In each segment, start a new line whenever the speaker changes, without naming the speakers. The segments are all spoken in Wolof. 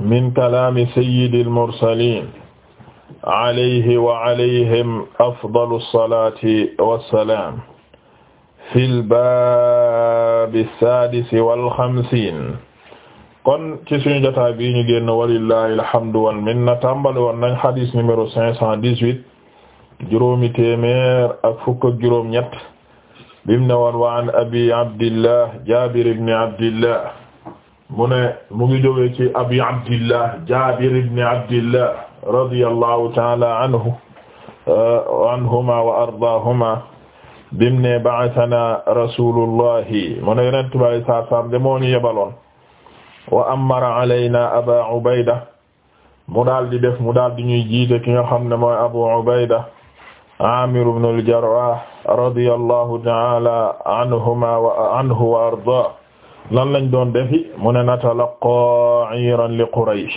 min kalaami sayyidil mursaliin alayhi wa alayhim afdalu salaati wa salaam fil baabi saadisi wal xamsiin kon ci suñu jotaay bi ñu génn walillahi alhamdu wal minna tàmbali woon nañ xadis numéro cinq cent dix-huit juróomi téeméer ak fukk ak juróom ñett bim ne woon wa an abi abdillah jaabir ibn abdillah mu ne mu ngi jógee ci abi abdillah jabir ibn abdillah radiyallahu ta'ala anhu eh, anhuma wa ardaahuma bim ne ba'athana rasulullahi mu ne yonent bi alayhi salaatu salaam de moo ñu yebaloon wa amara alayna aba ubayda mu daal di def mu daal di ñuy jiite ki nga xam ne mooy abu ubayda amir ibn al-jarrah radiyallahu ta'ala anhuma wa anhu wa ardaah lan lañ doon defi mu ne natalaqa iran li Quraysh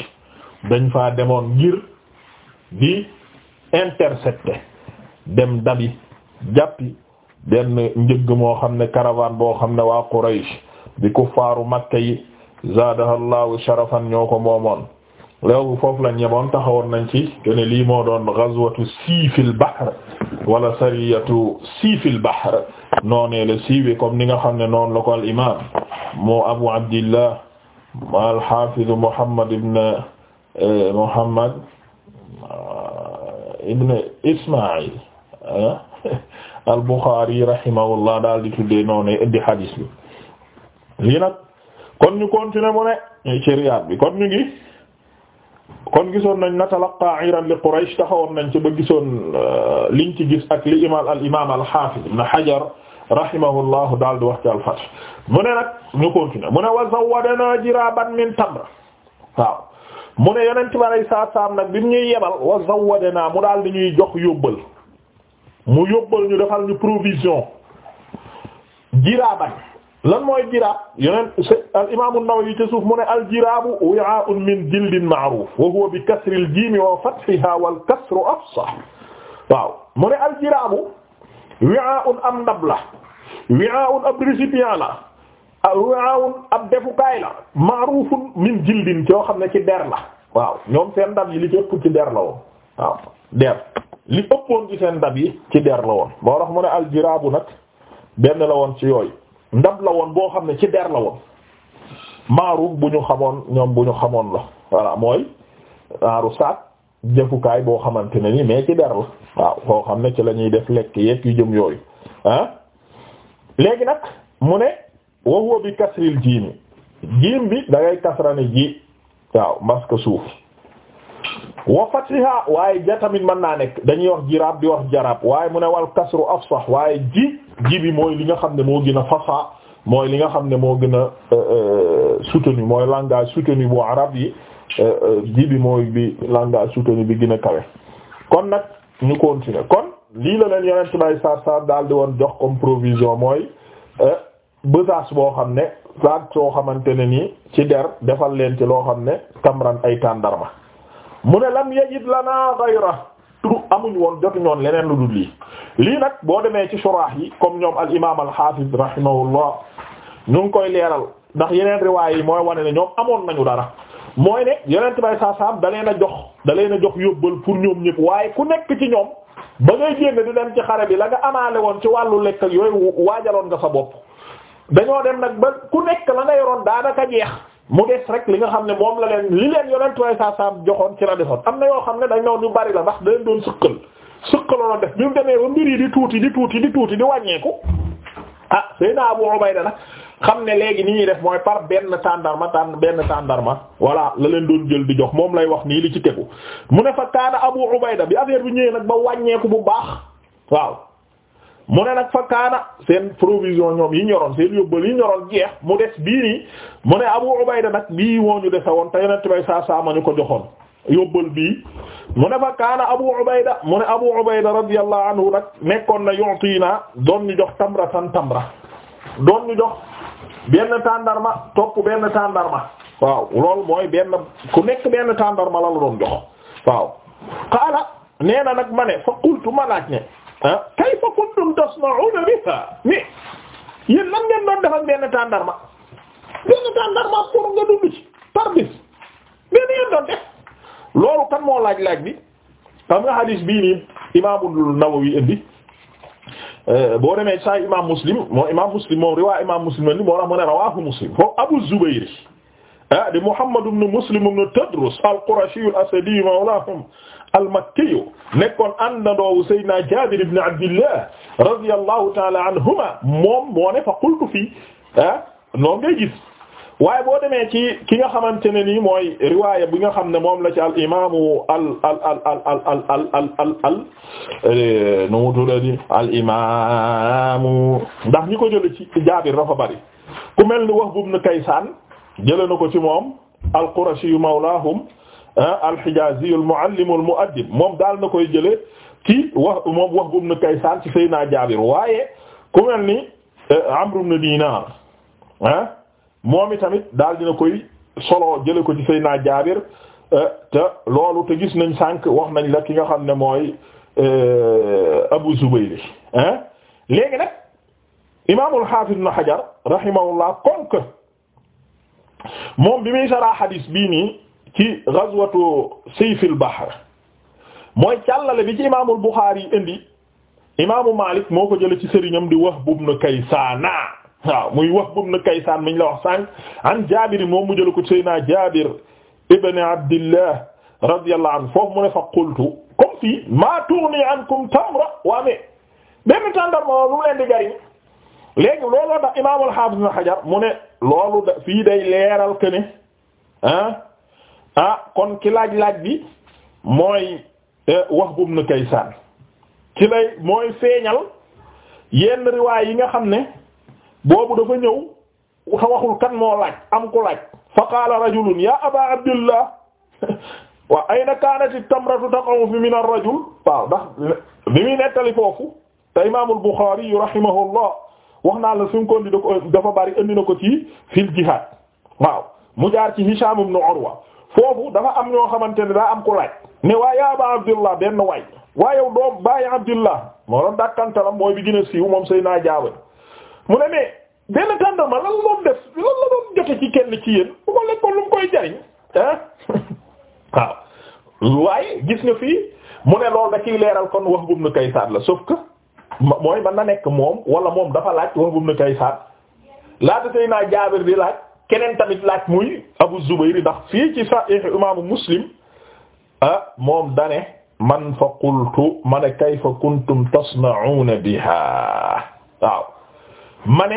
dañ fa demoon ngir di intercepter dem dabi jàppi benn njëgg moo xam ne caravane boo xam ne waa Quraysh di kuffaaru Makka yi zaadahallahu sharafan ñoo ko moomoon léegi foofu lañ yemoon taxawoon nañ ci kene lii moo doon ghazwatu siifil bahr wala sariyatu siifil bahr noonee la siiwe comme ni nga xam ne noon la ko moo abu abdillah al-hafiz muhammad ibn eh, muhammad ah, ibn isma'il ah, al-Bukhari rahimahullah daal di tuddee noonu indi hadis bi lii nag kon ñu continuer mu ne ci Riyaad bi kon ñu ngi kon gisoon nañ na talaqaa iran li Quraysh taxawoon nañ ci ba gisoon eh, liñ ci gis ak li imaam al imaam al-Hafiz Ibn Hajar rahimahullahu daal di wax ci al-Fath mu ne nag ñu continuer mu ne wa zawwadanaa jiraaban min tamra mu ne yeneen tubaab saa saam nag bi mu ñuy yebal wa zawwadanaa mu daal di ñuy jox yóbbal mu yóbbal ñu defal ñu provision jiraaban lan mooy jiraab yeneen al imaam an-Nawawi ci mu ne al jiraabu wi'aa'un min jildin ma'ruuf wa huwa bi kasri al jiim wa fathihaa wal kasru afsah mu ne al jiraabu wi'aa'un am ndab la wi'aa'un ab récipient la ah, wi'aa'un ab defukaay la ma'ruufun min jildin yoo xam ne ci der la waaw ñoom seen ndab yi li ci ëpp ci der la woon waaw der li ëppoon ci seen ndab yi ci der la woon moo tax mu ne aljiraabu nag benn la woon ci yooyu ndab la woon boo xam ne ci der la woon ma'ruuf bu ñu xamoon ñoom bu ñu xamoon la voilà mooy naaru saak jëfukaay boo xamante ne nii mais ci der la waaw koo xam ne ci la ñuy def lekk yeeg yu jëm yooyu ah léegi nag mu ne wa huwa bi kasril jiim jiim bi dangay ngay kasrani ji waaw maska suuf wa fatiha waaye ja tamit mën naa nekk dañuy wax jiraab di wax jaraab waaye mu ne wal kasru afsah waaye ji gii bi mooy li nga xam ne moo gën a fasaa mooy li nga xam ne moo gën a euh, euh, soutenu mooy langage soutenu bu rab yi Euh, euh, ji bi mooy bi langage soutenu bi gën a kawe kon nag ñu continuer kon lii la leen yeneen bay sar sar daal di woon jox comme provision mooy euh, besace boo xam ne saag soo xamante ne nii ci der defal leen ci loo xam ne tamran ay tàndarma mu ne lam yajid lana ghayra turu amuñ woon jotuñoon leneen lu dul lii lii nag boo demee ci surah yi comme ñoom al imam al hafiz rahimahullah ñu ngi koy leeral ndax yeneen riwaay yi mooy wane ne ñoom amoon nañu dara mooy ne yonent bay saa saam da a jox da leen a jox yóbbal pour ñoom ñëpp waaye ku nekk ci ñoom ba ngay génn di dem ci xare bi la nga amaale woon ci wàllu lekk ak yooyu waajaloon nga sa bopp dañoo dem nag ba ku nekk la nga yoroon daanaka jeex mu des rek li nga xam ne moom la leen li leen yonent bay saa joxoon ci la am na yoo xam ne dañ noon ñu bari la ndax da leen doon sëqal sëqaloon def bi mu demee ba mbir di tuuti di tuuti di tuuti di wàññeeku ah Seydina Abu Ubayda nag xam ne léegi ni ñuy def mooy par benn tàndarma tàn benn tàndarma voilà la leen doon jël di jox moom lay wax nii li ci tegu mu ne fa kaana Abu Ubayda bi affaire bi ñëwee nag ba wàññeeku bu baax waaw mu ne nag fa kaana seen provision ñoom yi ñoroon seen yóbbal yi ñoroon jeex mu des bii nii mu ne Abu Ubayda nag bii woo ñu defe woon te yonent bay saa saa ma ñu ko joxoon yóbbal bii mu ne fa kaana Abu Ubayda mu ne Abu Ubayda radiyallahu anhu nag nekkoon na yu'tina doon ñu jox tamratan tamra doon ñu jox benn tàndarma topp benn tàndarma waaw loolu mooy benn ku nekk benn tàndarma la la doon jox waaw qaala nee nag ma ne fa qultu ma laaj ne ah kayfa kuntum tasna'una biha mi yéen lan ngeen doon def benn tàndarma benn tàndarma pour nga dund ci par bis benn ngeen doon def loolu kan moo laaj laaj bi xam nga hadis bii nii imaamul Nawawi indi Euh, boo demee saa imaam muslim moo imaam muslim moom riwaa imaam muslim ni moo tax mu ne rawaahu muslim foofu abu zubayr ah di muhammad ibn muslim ibn tadrus al-qurashi al-asadi mawlaahum al-makki nekkoon àndandoowu sayyidina jaabir ibn abdillah radiyallahu ta'ala anhuma moom moo ne fa qultu fii ah noo ngay gis. waaye boo demee ci ki nga xamante ne nii mooy riwaaya bi nga xam ne moom la ci al imaamu al al al al al al al al al nu mu tuddati al ñi ko jële ci Jaabir dafa bari ku mel ni Wahb ibn Kaysaan jële na ko ci moom al Qurashi mawlaahum al Hijaazi al muallim al muaddib moom daal na koy jële ci wax moom Wahb ci Kaysaan ci Seydina Jaabir waaye ku mel ni Amr ibn Dinaar moom i tamit daal dina koy solo jële ko ci Seydina Jaabir eh, te loolu te gis nañ sànq wax nañ la ki nga xam ne mooy eh, Abu Zubayr hein eh. léegi nag imaamul Hafiz Ibn Hajar rahimahullah kon moom bi may saraa hadis bii nii ci ghazwatu sayfil bahr mooy càllale bi ci imaamul Bukhari yi indi imaamu Malik moo ko jële ci ñam di Wahb ibn Kaysaana waaw muy Wahb ibn Kaysaan miñ la wax sànq an Jaabir moom mu jël ko Seydina Jaabir ibn Abdillah radiyallahu foofu mu ne fa qultu comme fii maa tughni ankum tamra waa mais mu leen di jariñ léegi looloo tax Imaam al-Haafiz Ibn mu ne loolu fii day leeral que ah, ah, kon ki laaj laaj bi mooy eh, Wahb ibn Kaysaan ci lay mooy feeñal yenn riwaay yi nga xam ne. boobu dafa ñëw xa waxul kan moo laaj am ku laaj fa qaala rajulun ya aba abdillah wa ayna kaanat at-tamratu taqa'u fi min ar-rajul waaw ndax li nettali foofu te imam al-Bukhari rahimahullah wax naa la suñ ko indi dafa bari indi na ko ci fil jihad waaw mu jaar ci Hisham ibn Urwa foofu dafa am ñoo xamante ne daa am ku laaj ne waa ya aba abdillah benn waay waa yow doom bàyyi abdillah moo doon dàkkantalam mooy bi gën a siiw moom sëy naa jaawe mu ne mais benn tàndarma lan loon def lan la doon ci kenn ci yéen bu ko lekkoon koy jariñ ah waaw waaye gis nga fi mu ne loolu da ciy leeral kon Wahb ibn Kaysaan la sauf que mooy mën na nekk moom wala moom dafa laaj Wahb ibn Kaysaan laata tey naa Jaabir di laaj keneen tamit laaj muy Abu Zubayr ndax fii ci Sahih imaamu Muslim ah moom dane man fa qultu man kayfa kuntum tasna'una biha waaw ma ne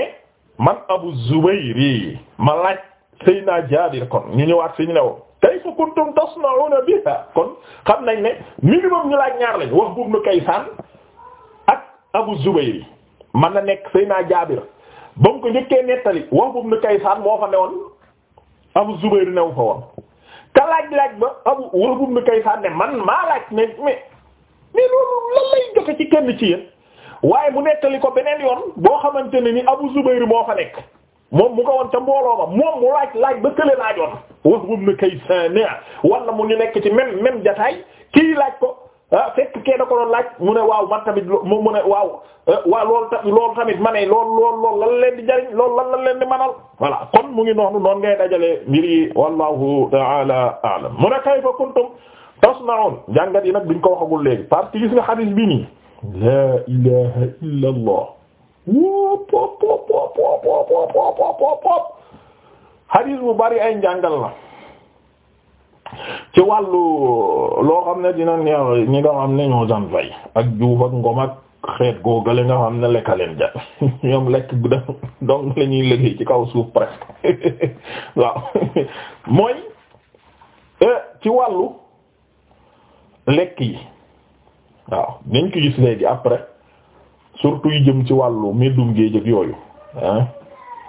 man Abu Zubayr ma laaj naa Jaabir kon ñu ñëwaat fi ñu ne woon kayfa kuntum tasna'una biha kon xam nañ ne minimum ñu laaj ñaar lañ wax boobu nu Kaysaan ak Abu Zubayr man na nekk Seydina Jaabir ba ko njëkkee nettali wax boobu nu Kaysaan moo fa newoon Abu Zubayr new fa woon te laaj laaj ba Abu wax boobu nu Kaysaan ne man maa laaj ne mais mais loolu lan lay joxe ci kenn ci yéen. waaye mu nettali ko beneen yoon boo xamante ne ni Abu Zubayr moo fa nekk moom mu ko woon ca mbooloo ba moom mu laaj laaj ba kële laajoon wax wum na kay sana wala mu ñu nekk ci même même kii laaj ko ah ko doon laaj mu ne waaw man tamit mu mu ne waaw eh, waaw loolu tamit ma ne lool lool lool lan leen di jariñ lool lan lan leen di manal voilà kon mu ngi noonu noonu ngay dajale mbir yi wallahu ta'ala a'lam mu ne kayfa kuntum tasna'un jàngat yi nag biñ ko waxagul léegi parce que gis nga hadith bi nii la ilaha illa allah wop wop wop wop wop wop wop wop hadis bu bari ay njàngal la ci wàllu loo xam ne dina neex ñi nga xam ne ñoo jan fay ak juuf ak ngom ak xeet googale nga xam ne lekkaleen ja ñoom lekk bu da donc la ñuy ci kaw suuf presque waaw mooy eh, ci wàllu lekk yi waaw nañ ko gis léegi après surtout yu jëm ci wàllu meddum géej ak yooyu ah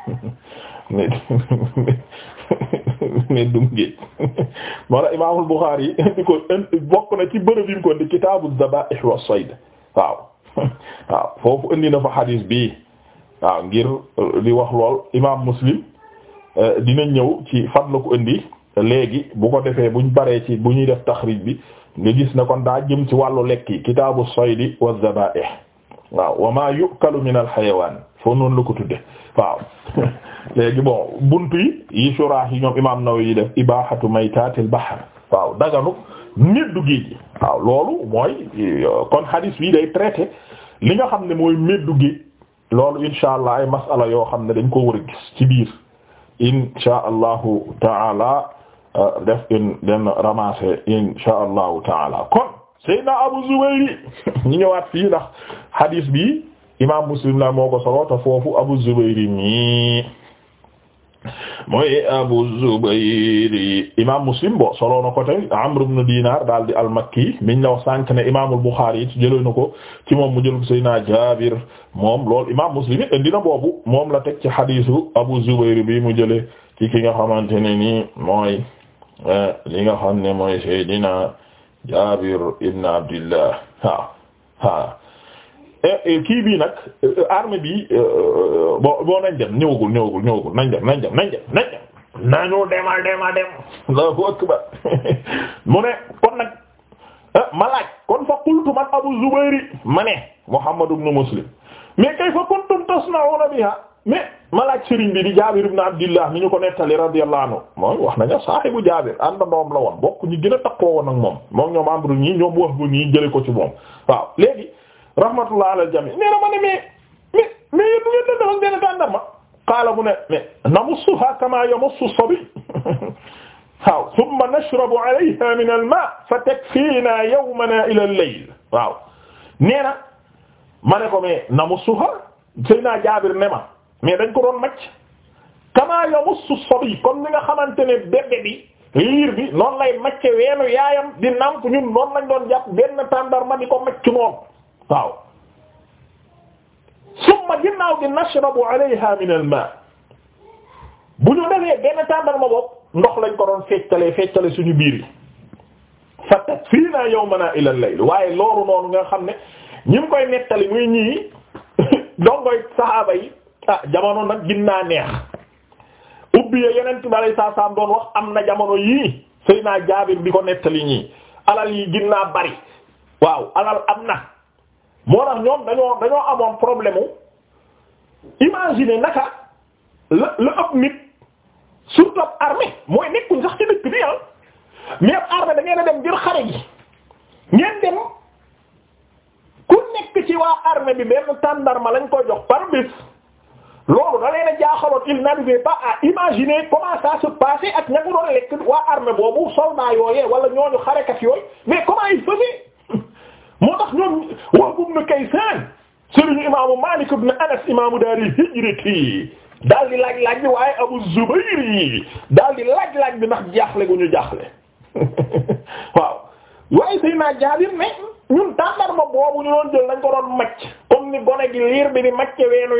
meddum géej moo tax Imaamul Buxaari di ko bokk na ci bërëb yi ko di kitaabu zabaa'ih wa sayd waaw waaw foofu indi na fa xadiis bi waaw ngir uh, di wax lool Imaam Muslim uh, dina ñëw ci fan la ko indi léegi bu ko defee bu ñu baree ci bu ñuy def taxrij bi nga gis na kon daa jëm ci wàllu lekki kitaabu saydi wa zabaih waaw wa ma yukalu min al xayawaan foo noonu la ko tudde waaw léegi bon bunt yi yi suraax yi ñoom imaam Nawawi yi def ibahatu maytaatil bahr waaw daganu meddu géej gi waaw loolu mooy kon hadis bi day traité li nga xam ne mooy meddu géej loolu insha allah ay masala yoo xam ne dañ ko war a gis ci biir insha allahu taala Euh, def in den ramasser insha allahu taala kon Seydina Abu Zubayr ñu ñëwaat fii ndax hadis bi imam Muslim la moo solo te foofu Abu Zubayr mi mooy Abu Zubayr imam Muslim bo solo na ko tey Amr ibn Dinar daal di al-Makki miñ la wax sànq ne imam al-Bukhari it jëlee na ko ci moom mu jël ko Seydina Jabir moom lool imam Muslim it indi boobu moom la teg ci hadisu Abu Zubayr bi mu jële ci ki nga xamante ne nii mooy li nga xam ne mooy Seydina Jaabir ibn Abdillah ha ha eh, eh, kii bii nag eh, arme bi bo boo nañ dem ñëwagul ñëwagul ñëwagul nañ dem nañ dem nañ dem nañ dem akbar mu ne kon nag ma kon fa qultu man Abu Zubayr ma ne Muhammad ibn Muslim mais kayfa kuntum tasna'una biha mais ma laaj sëriñ bi di Jaabir ibn Abdillah ni ñu ko nettali radiyallahu anhu mooy wax nañu saahibu Jaabir àndandoom la woon bokk ñu gën a takkoo woon moom moom ñoom Amru ñii ñoom wax bu ñii jële ko ci moom waaw léegi rahmatullah ala jami nee na ma ne mais mais mais yéen du ngeen ma fa takfina na ma ne ko mais namussuha Seydina Jaabir ne ma mais dañ ko doon macc kamaa yamussu sabi comme ni nga xamante ne bébé bi liir bi noonu lay macce weenu yaayam di nàmp ñun noonu lañ doon jàpp benn tàndarma di ko macc noonu waaw summa ginnaaw gi nashrabu alayha min al bu ñu defee benn tàndarma bopp ndox lañ ko doon feccale feccale suñu biir yi fa takfiina ila al waaye loolu noonu nga xam ne ñi koy nettali muy ñii dongoy saxaaba yi ah jamono nag ginnaa neex ubbi ya yeneen tubaab saa saam doon wax am na jamono yii sëy naa jaabir bi ko nettali ñii alal yi ginnaa bari waaw alal am na moo tax ñoom dañoo dañoo amoon problème mu imaginer naka la la ëpp nit surtout ab armée mooy nekkuñ sax ci dëkk bi ah mais ab armée da a dem ngir xare gi ngeen dem ku nekk ci waa armée bi benn tàndarma lañ ko jox par bis. loolu da leen a jaaxaloon il n'arrivait pas a imaginer comment ça se passait ak ña doon lekk waa armée boobu soldat yooyee wala ñooñu xarekat yooyu mais comment il faisait moo tax ñoom Wahb ibn Kaysan sëriñu imaamu Malik ibn Anas imaamu daaril hijrati daal di laaj laaj bi waaye Abu Zubayr yi daal di laaj laaj bi ndax jaaxle gu ñu jaaxle waaw waaye Seydina Jaabir ne ñun tàndarma boobu ñu doon jël dañ ko macc comme ni gone gi liir bi di macce weenu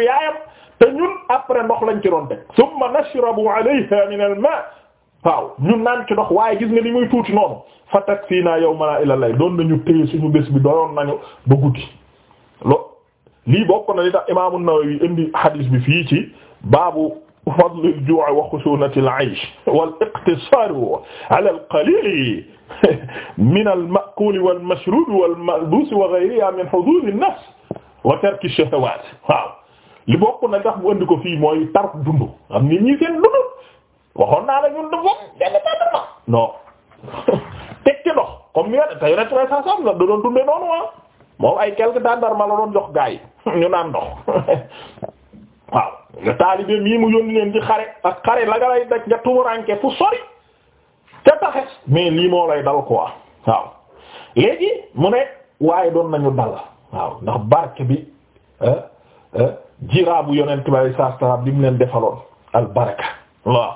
te ñun après ndox lañ ci doon teg summa nashrabu alayha min al ma waaw ñun naan ci ndox waaye gis nga li muy tuuti noonu fa takfiina yawmana ila lay doon nañu téye suñu bés bi doon nañu ba guddi lo lii bokk na li tax imaamu Nawawi indi hadith bi fii ci baabu fadl al ju' wa xusunati al aysh wal iqtisar ala al qalil min al ma'kul wal mashrub wal malbus wa ghayriha min hudud an nafs wa tark ash shahawat waaw li bokk na tax mu andi ko fii mooy tar dund am nit ñi seen dund waxoon naa la ñun du moom benn benn da doon noonu ah. moom ay quelque tàndarma la doon jox gaa yi ñu naan ndox waaw nga taalibe mii mu yónni leen ci xare ak xare la nga lay daj nga tumuranke fu sori te taxes mais lii moo lay dal quoi waaw léegi mu ne waaye doon nañu dal waaw ndax barke bi jiraabu yonent bi saa salaam bi mu leen defaloon al baraka waaw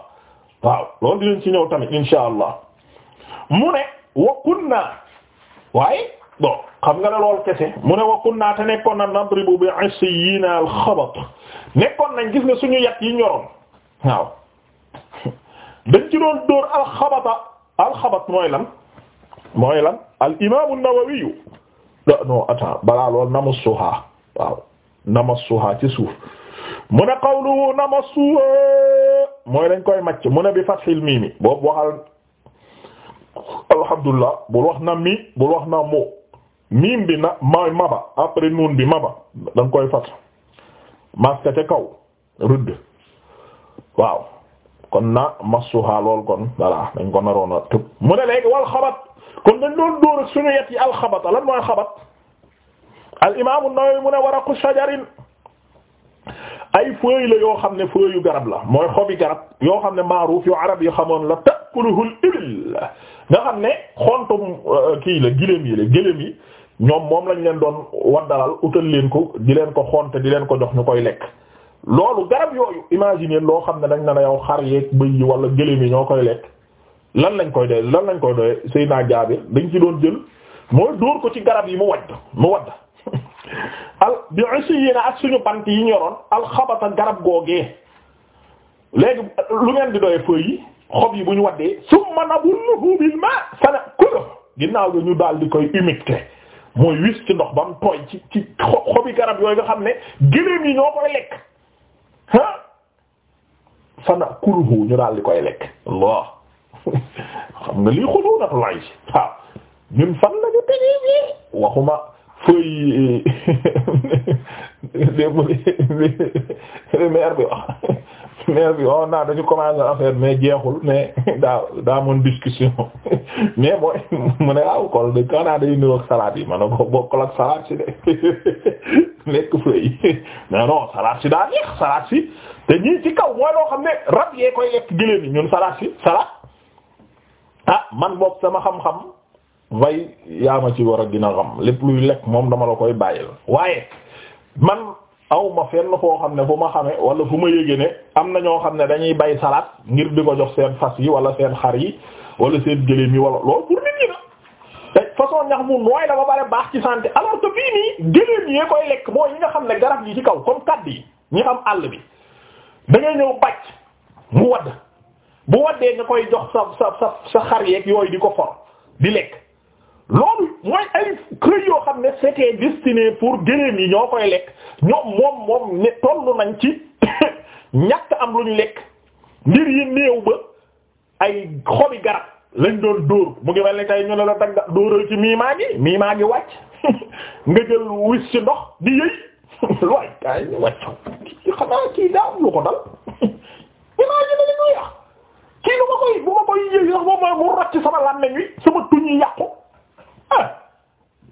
waaw loolu dinañ ci ñëw tamit insha allah mu ne wa waaye bon xam nga ne lool kese mu ne wa kunna te nekkoon na nadribu bi asiyina al xabat nekkoon nañ gis nga suñu yat yi ñoroon waaw dañ ci doon dóor al xabata mooy lan mooy lan al imaamu an-Nawawi balaa lool namussuha waaw. namassuha ci suuf mu ne qawluhu namassuha mooy dañ koy màcc mu ne bi fathil miimi boob waxal alhamdulilah bul wax na mi bul wax na mu miim bi na mooy maba après nuun bi maba da nga koy fat maska ca kaw rëdd waaw kon na massuha lool kon voilà ko naroon a tëb mu ne léegi wal xabat kon dañ doon dóor ak suñu yet yi alxabata lan mooy xabat al imaamu Nawawi mu ne waraqu shajarin ay feuilles la yoo xam ne feuilles yu garab la mooy xobi garab yoo xam ne maaruuf yu arab yi xamoon la takuluhul ibil nga xam ne xontum euh, kii la giléem yi la giléem yi ñoom moom lañ leen doon waddalal utal leen ko di leen ko xonte di leen ko jox ñu koy lekk loolu garab yooyu imaginer loo xam ne dañ na na yow xar yeeg bëy yi wala gëléem yi ñoo koy lekk lan lañ koy doy lan lañ koy doy Seydina Jaabir dañ ci doon jël mooy dóor ko ci garab yi mu wadd al bi usiyina ak suñu bant yi ñoroon alxabata garab googee léegi lu ngeen di doyee feuilles yi xob yi bu ñu waddee summa nabulluhu bil ma sana kula ginnaaw ga ñu daal di koy humecté mooy wis ci ndox ba mu tooy ci ci xobi garab yooyu nga xam ne gëléem yi ñoo koy lekk ah sana kuluhu ñu daal koy lekk Allah xam nga lii xulunatul aysi waaw ñun fan lañu tegee waxuma feuille maire bi wax maire bi wax oh, naa dañu commencé affaire mais jeexul mais daa daa amoon discussion mais mooy mu ne waaw kon de quand naa ak salade yi ma ne ko bokkul ak salade si de nekk feuille non non salade si daa neex salade si te ñii ci kaw mooy loo xam ne rab yee koy lekk gëléem ñun salade si salade ah man boog sama xam-xam. way yaa ma ci war a gën xam lépp luy lekk moom dama la koy bàyyil waaye man aw ma fenn foo xam ne fu ma xamee wala fu ma yëgee ne am na ñoo xam ne dañuy bay salaat ngir di ko jox seen fas yi wala seen xar yi wala seen gëléem yi wala loolu pour nit ñi na façon ñax mu nooy la ba bare baax ci santé alors que fii nii gëléem yee koy lekk mooy ñi nga xam ne garab gi ci kaw comme kàdd yi ñu xam àll bi da ngay ñëw bàcc mu wadd bu waddee nga koy jox sa sa xar yeeg yooyu di ko for di loolu mooy ay xëy yoo xam ne c'était destiné pour gëléem yi ñoo koy lekk ñoom moom moom ne tollu nañ ci ñàkk am luñ lekk mbir yi néew ba ay xobi garab lañ doon dóor mu ngi mel ni tey ñu ne la dagga dóoral ci miimaa gi miimaa gi wàcc nga jël wis ci ndox di yëy looy kay wàccu xanaa kii daa am ko dal miimaa gi ne li ñu yàq kii lu ma koy bu ma koy yëy sax moom mu rocc sama làmmeñ wi sama tuñ yàqu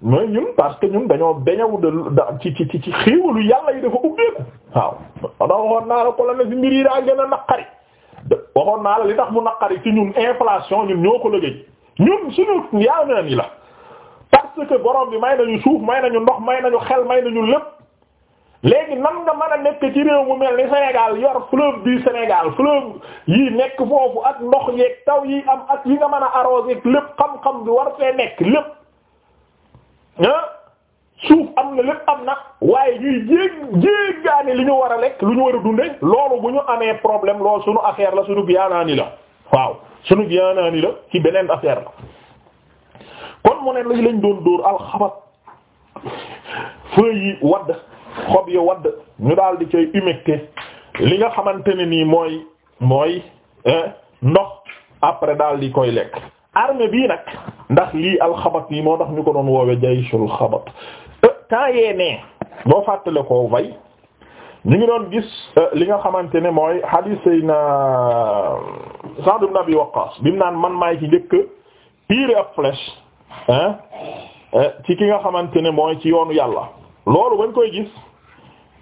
mooy ñun parce que ñun dañoo beñewu da ci ci ci xéewalu yàlla yi dafa ubbeeku waaw ada waxoon naa la ko la ne ci mbir yi daa gën a naqari waxoon naa la li tax mu naqari ci ñun inflation ñun ñoo ko lëgéej ñun suñu yaa naan yi la parce que borom bi may nañu suuf may nañu ndox may nañu xel may nañu lépp léegi nan nga mën a nekk ci réew mu mel ni Sénégal yor fleuve du Sénégal fleuve yi nekk foofu ak ndox yeeg taw yi am at yi nga mën a arrosé lépp xam-xam war nekk lépp Ah suuf am na lépp am na waaye ñuy jéeg jéegaane li ñu war a lekk lu ñu war a dunde loolu bu ñu amee problème loolu suñu affaire la suñu biyaanaani la waaw suñu biyaanaani la ci beneen affaire la kon mu ne lañ doon dóor alxabat feuilles wadd xob yi wadd ñu daal di cay humecté li nga xamante ne nii mooy mooy eh, ndox après daal di koy lekk armée bii nag ndax lii alxabat yi moo tax ñu ko doon woowe jayshul xabat euh, temps yee nee boo fàttale ko way ñu ngi doon gis euh, li nga xamante ne mooy hadith sayna euh, Sa'd ibn Abi Waqqas bi mu naan man maay ci njëkk tirer ab flèche hein ci ki nga xamante ne mooy ci yoonu yàlla loolu bañ koy gis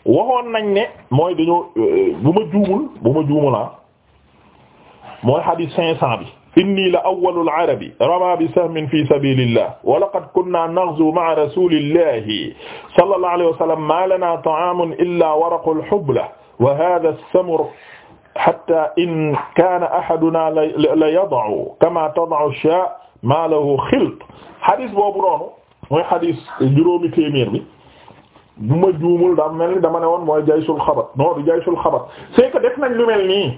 waxoon nañ ne mooy dañoo bu ma juumul bu ma juumulaa ah, mooy hadith cinq cent bi inni la awwalul arabi rama bi sahmin fi sabilillah wa laqad kunna naghzu ma'a rasulillahi sallallahu alayhi wa sallam ma lana ta'amun illa waraqul hubla wa hadha as-samur hatta in kana ahaduna la yada'u kama tada'u ash-shaa' ma lahu xilt hadis boobu noonu mooy hadis juróomi téeméer bi bu ma juumul daa mel ni dama ne woon mooy jaysul xabat non du jaysul xabat c'est que def nañ lu mel nii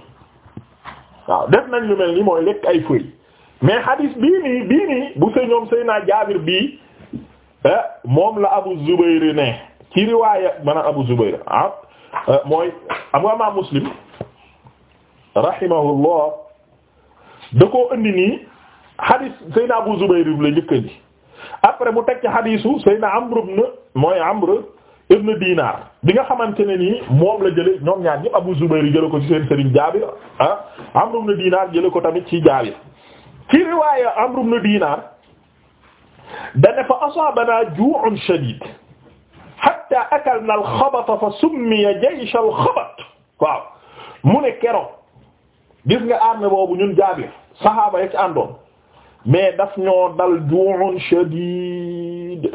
waaw def nañ lu mel ni mooy lekk ay fëy mais hadis bii nii bii nii bu sëy ñoom sëy naa jaabir bii eh, moom la Abu Zubayr ne ci riwaaya maanaam Abu Zubayr ah eh, mooy am nga imaam Muslim rahimahullah da koo indi nii hadis sëy naa Abu Zubayr la njëkk après mu teg ci hadisu sëy naa Amr ibn mooy Amr ibn Dinar bi nga xamante ne nii moom la jële ñoom ñaar ñëpp Abu Zubayr jële ko ci seen sëriñ Jaabir ah Amr ibn Dinar ko tamit ci Jaabir ci riwaaya Amr ibn Dinar dane fa asaabanaa juu'un shadiid hattaa akalnaa al-xabata fa summiya jaysh al mu ne keroog gis nga armée boobu ñun Jaabir saxaaba ya ci àndoon mais daf ñoo dal juu'un shadiid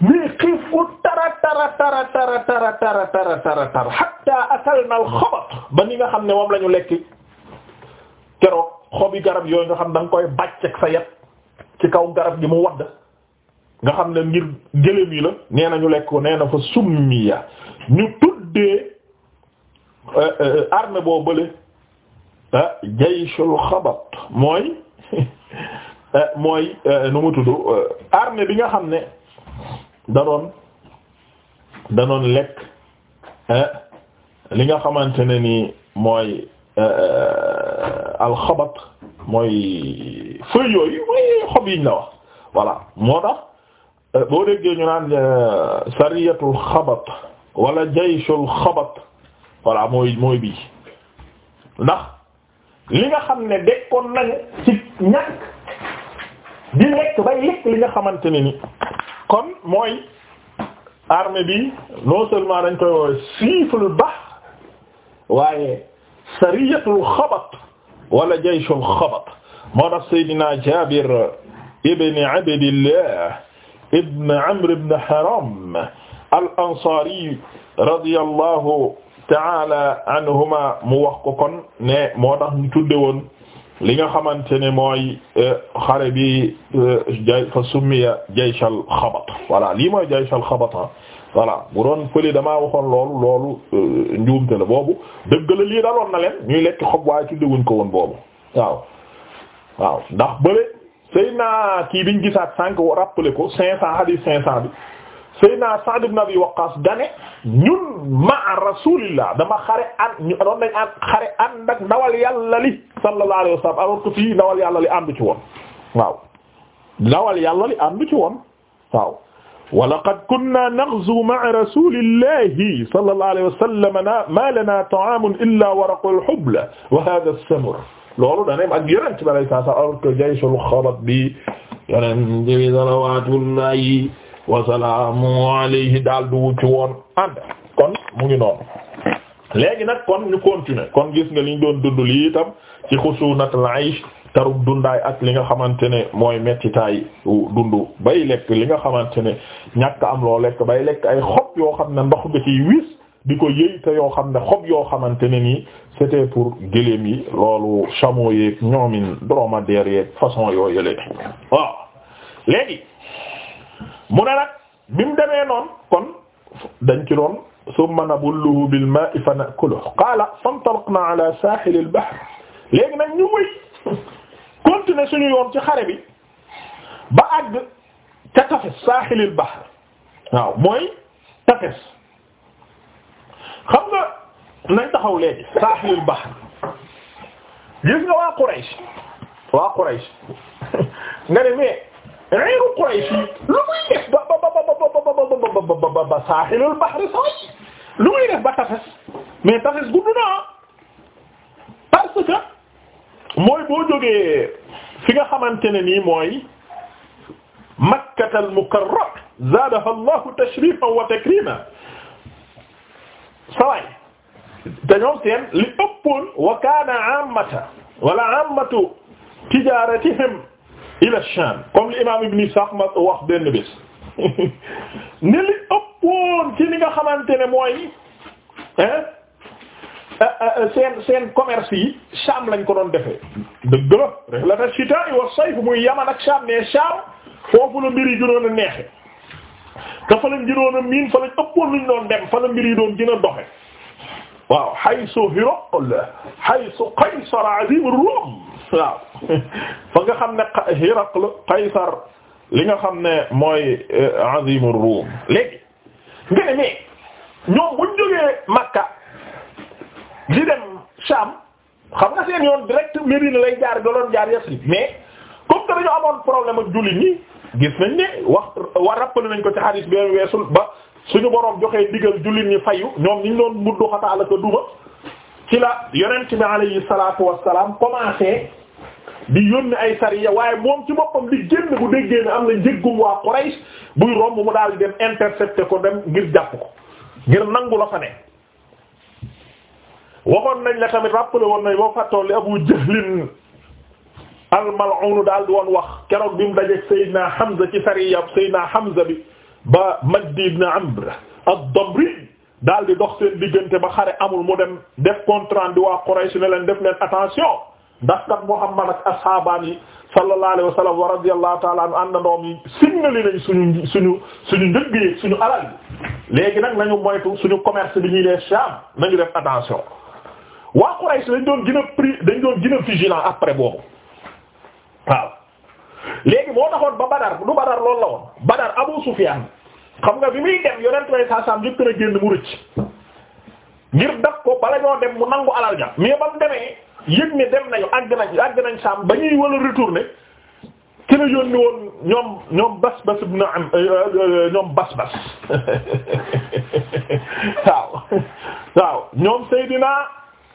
mais xiif gu tara tara tara tara tara tara tara tara tara hatta akalna al xobat ba ni nga xam ne moom la ñu lekk keroog xobi garab yooyu nga xam da nga koy bàcc ak sa yat ci kaw garab gi mu wadd nga xam ne ngir gëléem yi la nee na ñu lekk ko nee na fa summiya ñu tuddee euh, euh, armée boo bële ah jayshul xabat mooy euh, mooy nu mu tudd armée bi nga xam ne da doon da doon lekk eh, li nga xamante ne ni mooy eh, eh, alxabat mooy feuilles yooyu mooy xob yiñ la wax voilà moo tax boo déggee ñu naan sariyatul xabat wala jayshul xabat voilà mooy mooy bii ndax li nga xam ne dekkoon nañu ci ñàkk di lekk bay lekk li nga xamante ne ni kon mooy armée bi non seulement dañ koy woowe siiful bax waaye sariyatul xabat wala jayshul xabat moo tax Seydina Jaabir ibn Abdillah ibn Amr ibn Haram al-Ansaari radiyallahu ta'ala anhuma mu wax ko kon ne moo tax ñu tudde woon li nga xamante ne mooy euh, xare bi euh, jay fa summiya jayshal xabat voilà lii mooy jayshal xabata ah. voilà bu doon fëli damaa waxoon loolu loolu euh, njuumte la boobu dëgg la lii daloon na leen ñuy lekk xob waaye ci dëgguñ ko woon boobu waaw waaw ndax bële sëy naa kii biñ gisaat sànq rappelé ko cinq cent hadith cinq cent bi Seydina Sa'd ibn Abi Waqqas dane ñun ma rasulillah dama xare an ñu doon nañ an xare ànd ak ndawal yàlla li sallallahu alayhi wasallam alors que fii ndawal yàlla li àndu ci woon waaw ndawal yàlla li àndu ci woon waaw wa laqad kunna naghzu ma'a rasulillahi sallallahu alayhi wasallam ma lana ta'amun illa waraqul hubla wa hadha as-samur loolu dane ak yeneen ci balay sa alors que jayshul xabat bi yeneen wasalaamu alayhi daal du wucc woon ànd kon mu ngi noonu léegi nag kon ñu continuer kon gis nga liñ doon dund lii itam ci xusunatul aish tarub dundaay ak li nga xamante ne mooy mettitaay dundu bay lekk li nga xamante ne ñàkk am loo lekk bay lekk ay xob yoo xam ne ndox nga ciy wis di ko yëy yoo xam ne xob yoo xamante ne nii c'était pour gëléem yi loolu chameaux yeeg ñoomin dromadaires yeeg façon yoo yële waaw léegi mu ne nag bi mu demee noonu kon dañ ci doon summa nabulluhu bil maa'i fa na'kuluhu qaala fantalaqna ala saahil al bahr léegi nag ñu wëy continuer suñu yoon ci xare bi ba àgg ca tafes saahil al bahr waaw mooy tafes xam nga nañ taxaw léegi saahil al bahr gis nga waa Quraysh waa Quraysh nga ne mais iru Quraysh lu muy def ba ba ba ba ba ba saaxilul baxri sax lu muy def ba tafes mais tafes gudd naa parce que mooy boo jógee fi nga xamante ne nii mooy Makkatal mukarrama zaadaha Allahu tashrifan wa takriman sawaay dañoo seen li ëppoon wa kaana ammata wala ammatu tijaratihim ila Sham comme li imam Ibn Ishaq ma wax benn bés ne li ëppoon ci li nga xamante ne mooy euh, euh, seen seen commerce yi Sham lañ ko doon defee dëgg la rihlat shitaa'i wa sayf muy Yaman ak Sham ne Sham foofu la mbir yi gënoon a neexe te fa lañ gënoon a miin fa lañ ëppoon luñ doon dem fa la mbir yi doon gën a doxe waaw haythu Hiraql haythu Qaysar azim Rum waaw fa nga xam ne Hiraql Qaysar li nga xam ne mooy eh, azimur Rum léegi nga ne mais ñoom buñ jógee Makka di dem Sham xam nga seen yoon direct Médine lay jaar doloon jaar Yasrib mais comme que dañoo amoon problème ak jullit ñi gis nañ ne wax wa rappelé nañ ko ci hadith bi weesul ba suñu boroom joxee digal jullit fay fayu ñoom ñi doon muddu xataala ko duma ci la yonent bi alayhi salaatu wassalaam commencé di yónni ay sariya waaye moom ci boppam di génn bu déggee ne am na njëggum waa Quraysh buy romb mu daal di dem intercepter ko dem ngir jàpp ko ngir nangu la fa ne waxoon nañ la tamit rappelé woon nañ boo fàttoon li Abu Jahlin al-mal'un daal di woon wax keroog bi mu dajeeg Seydina Hamza ci sariya Seydina Hamza bi ba Majdi ibn Amr ad-Damri daal di dox seen diggante ba xare amul mu dem def contrat di waa Quraysh ne leen def leen attention ndax kat Muhammad ak asxaabaan yi sallallahu alayhi wa sallam wa radiyallahu ta'ala an suñu suñu suñu njëg yi suñu léegi nag nañu moytu suñu commerce bi ñuy def Sham nañu def attention waa Quraysh dañ doon gën a dañ doon gën a après boobu waaw léegi moo taxoon ba Badar du Badar loolu la woon Badar Abu Sufyan xam nga bi muy dem yonent way saa ngi jëkk na génn mu rëcc ngir dab bala ñoo dem mu nangu alal ja mais ba mu demee yëg ne dem nañu àgg nañ àgg nañ saam ba ñuy wala retourner ki na yónni woon ñoom ñoom bas bas ibn am euh, euh, ñoom bas bas waaw waaw ñoom Seydina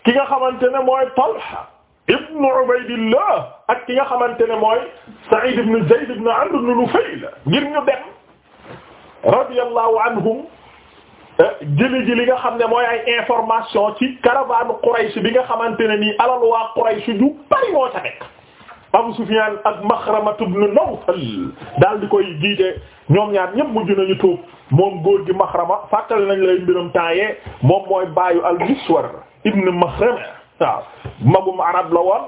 ki nga xamante ne mooy Talha ibn Ubaydillah ak ki nga xamante ne mooy Sa'id ibn Zayd ibn Amr ibn Nufayl ngir ñu dem radiyallahu anhum jëli ji li nga xam ne mooy ay information ci caravane Quraysh bi nga xamante ne nii alal waa Quraysh ju bari moo ca nekk Abu Sufyan ak Maxramatu ibn Nawfal daal di koy jiite ñoom ñaar ñëpp mujj nañu tuub moom góor gi Maxrama fàttali nañ lay mbiram taaye moom mooy baayu al-Miswar ibn Maxrama waaw magum arab la woon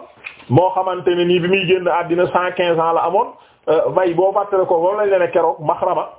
moo xamante ne nii bi muy génn àddina cent quinze ans la amoon euh, vay boo fàttale ko loolu lañ leen keroog Maxrama